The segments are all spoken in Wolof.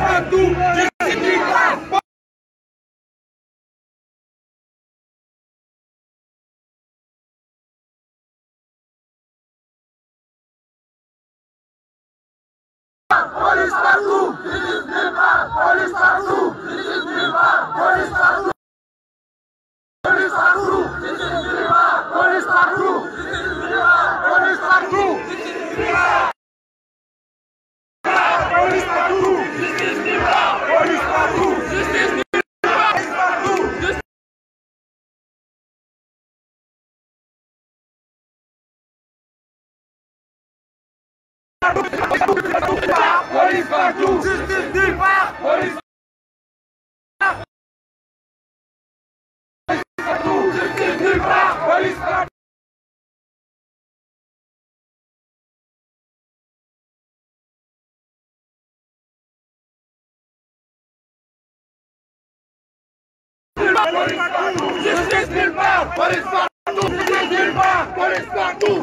Ousmane Doum discipline Police partout, police partout, police partout, police partout. partout, partout, partout, police partout, justice nulle part, police partout, justice nulle part, police partout. Police partout, justice nulle part, police partout, justice nulle part, police partout.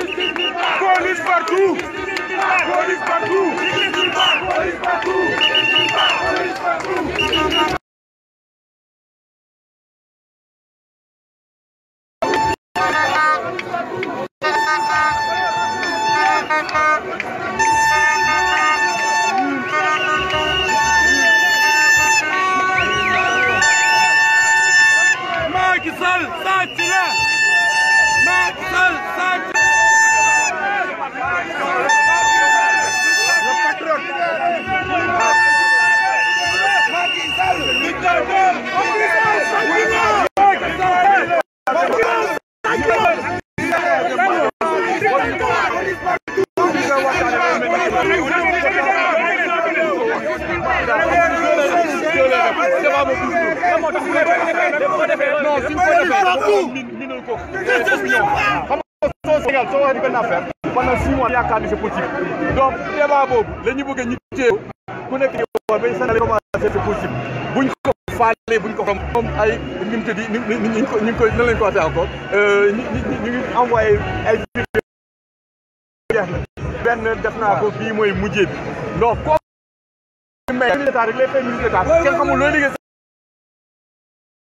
Police partout! Police partout! Police partout! moo tax ko defee non suñ ko defee xam nga Sénégal soo waxee di benn affaire pendant six mois yaakaar ni donc débat boobu la ñu bëgg ñu ku nekk ñu war bañ sanale commencé c'est possible buñ ko faale buñ ko xam moom ay ngi ko ñu ngi koy nan ko waxee encore ñu ngi envoyé ay benn def naa ko bii mooy mujjee bi donc ko